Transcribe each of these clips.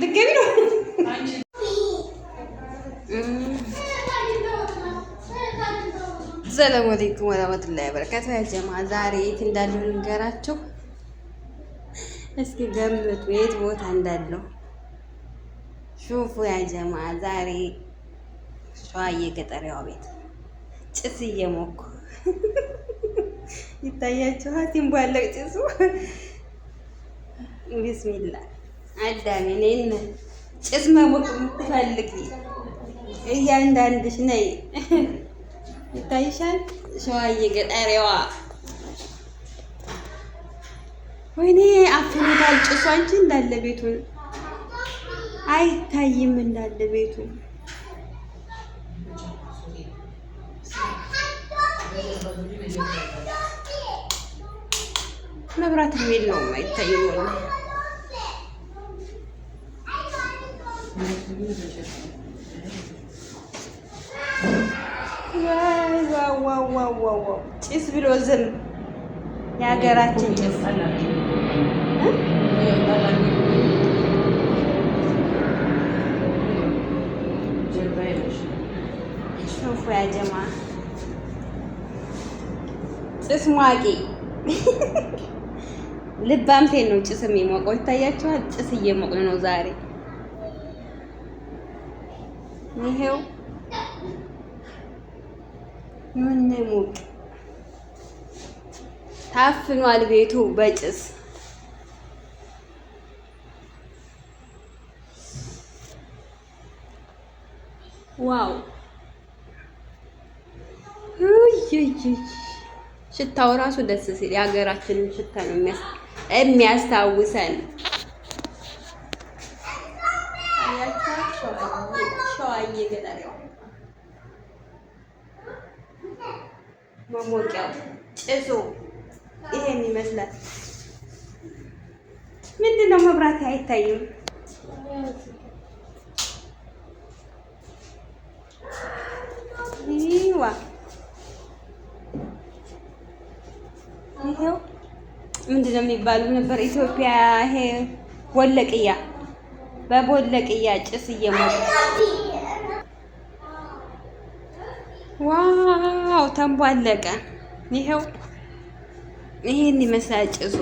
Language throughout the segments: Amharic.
ድገሚ ነው ሰላም አለይኩም ወራህመቱላሂ ወበረካቱ። ያ ዛሬ የት እንዳለው ልንገራቸው እስኪ ገምቱ፣ የት ቦታ እንዳለው ሹፉ። ያ ዛሬ ሸዋዬ ገጠሪያው ቤት ጭስ እየሞኩ ይታያችኋል። ሲምቧለቅ ጭሱ ቢስሚላ አዳሜ ነይነ ጭስ መሞቅ የምትፈልጊ እያንዳንድሽ ነይ ይታይሻል። ሸዋዬ ገጠሪዋ ወይኔ አፍኖታል ጭሱ። አንቺ እንዳለ ቤቱን አይታይም እንዳለ ቤቱን መብራት የሚል ነው የማይታይ ጭስ ብሎ ዝም የሀገራችን ጭስ ሾፉ ያጀማ ጭስ ሟቂ ልባም አምቴን ነው ጭስ የሚሞቀው ይታያችኋል። ጭስ እየሞቅን ነው ዛሬ ይሄው ምን ሞቅ ታፍኗል ቤቱ በጭስ ዋው ሽታው ራሱ ደስ ሲል የሀገራችንን ሽታ ነው የሚያስ የሚያስታውሰን መሞቂያው ጭሱ ይሄን ይመስላል። ምንድን ነው መብራት አይታይም? ይዋ ይሄው ምንድነው የሚባሉ ነበር ኢትዮጵያ ይሄ ወለቅያ በቦለቅያ ጭስ እየሞቱ ዋው ተንቧለቀ። ይሄው ይሄን ይመስላል ጭሱ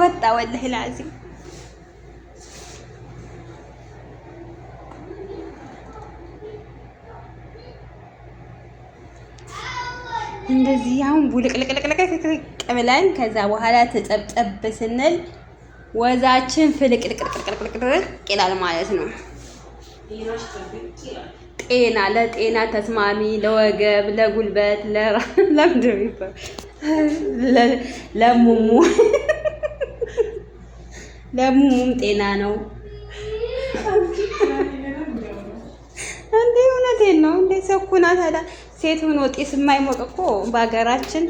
ወጣ ወላሂ እንደዚህ አሁን ቡልቅልቅልቅልቅ ብለን ከዛ በኋላ ተጠብጠብ ስንል ወዛችን ፍልቅልቅልቅልቅልቅ ይላል ማለት ነው። ጤና ለጤና ተስማሚ ለወገብ፣ ለጉልበት፣ ለምድር ለሙሙ ለሙሙም ጤና ነው። እንዴ እውነቴን ነው። እንዴ ሰኩና ታዲያ ሴት ሆኖ ጢስ የማይሞቅ እኮ በሀገራችን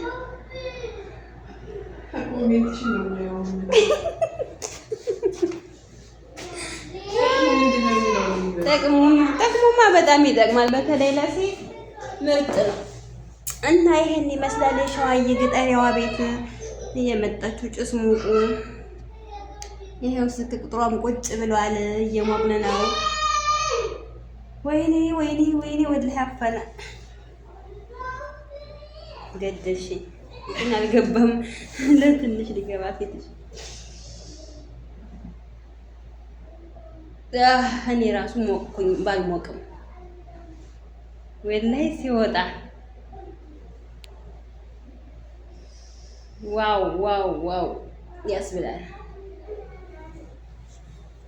ጥቅሙማ በጣም ይጠቅማል። በተለይ ለሴት ምርጥ ነው እና ይህን ይመስላል የሸዋዬ ገጠሪያዋ ቤት እየመጣችሁ ጭስ ሙቁ። ይሄው ስልክ ቁጥሯም ቁጭ ብሏል። እየሞቅን ነው። ወይኔ ወይኔ ወይኔ ወድልህ ያፈነ ገደልሽኝ። ግን አልገባም። ለትንሽ ሊገባ ፊትሽ እኔ ራሱ ሞቅኩኝ ባልሞቅም ወላይ ሲወጣ ዋው ዋው ዋው ያስብላል።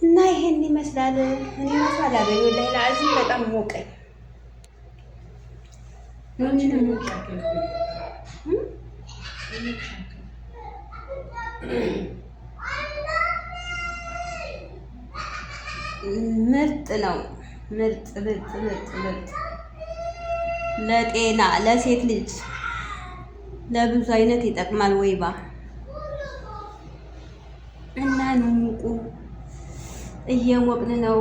እና ይሄን ይመስላል። እኔ ራሱ አላገኝ ወላይ ለአዚ በጣም ሞቀኝ። ምንም ሞቀኝ ምርጥ ነው። ምርጥ ምርጥ ምርጥ ምርጥ ለጤና ለሴት ልጅ ለብዙ አይነት ይጠቅማል። ወይባ እና ንሙቁ እየሞቅን ነው።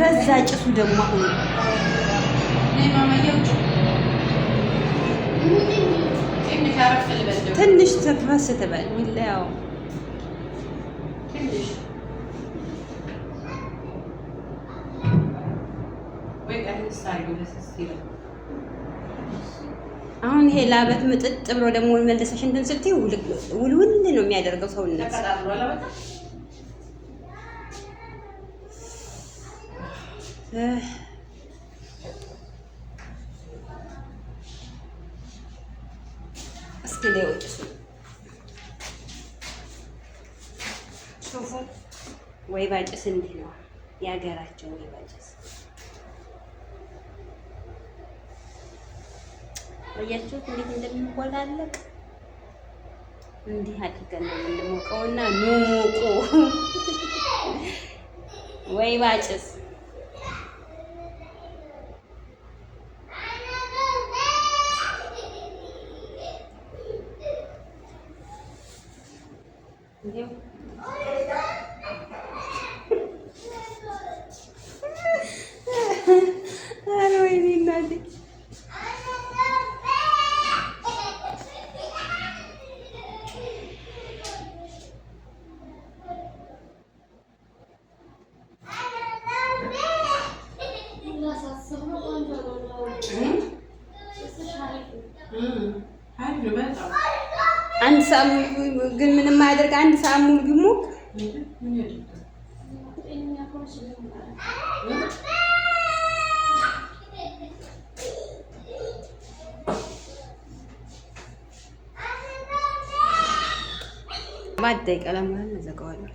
በዛ ጭሱ ደግሞ አሁን ትንሽ ትፈስ ትበል ሚለያው አሁን ይሄ ላበት ምጥጥ ብሎ ደግሞ መልሰሽ እንትን ስትይ ውልውል ነው የሚያደርገው ሰውነት። እህ తెలియవచ్చు ጭሱ ሹፉ ወይባ ጭስ እንዲህ ነው የሀገራቸው ወይ ጭስ አያችሁት እንዴት እንደሚወላለቅ እንዲህ አድርገን ነው የምንሞቀውና ኑ ሙቁ ወይባ ጭስ አንድ ሰዓት ግን ምንም አያደርግ። አንድ ሰዓት ሙሉ ቢሞቅ ማዳይቃ ለማለት ዘገዋለሁ።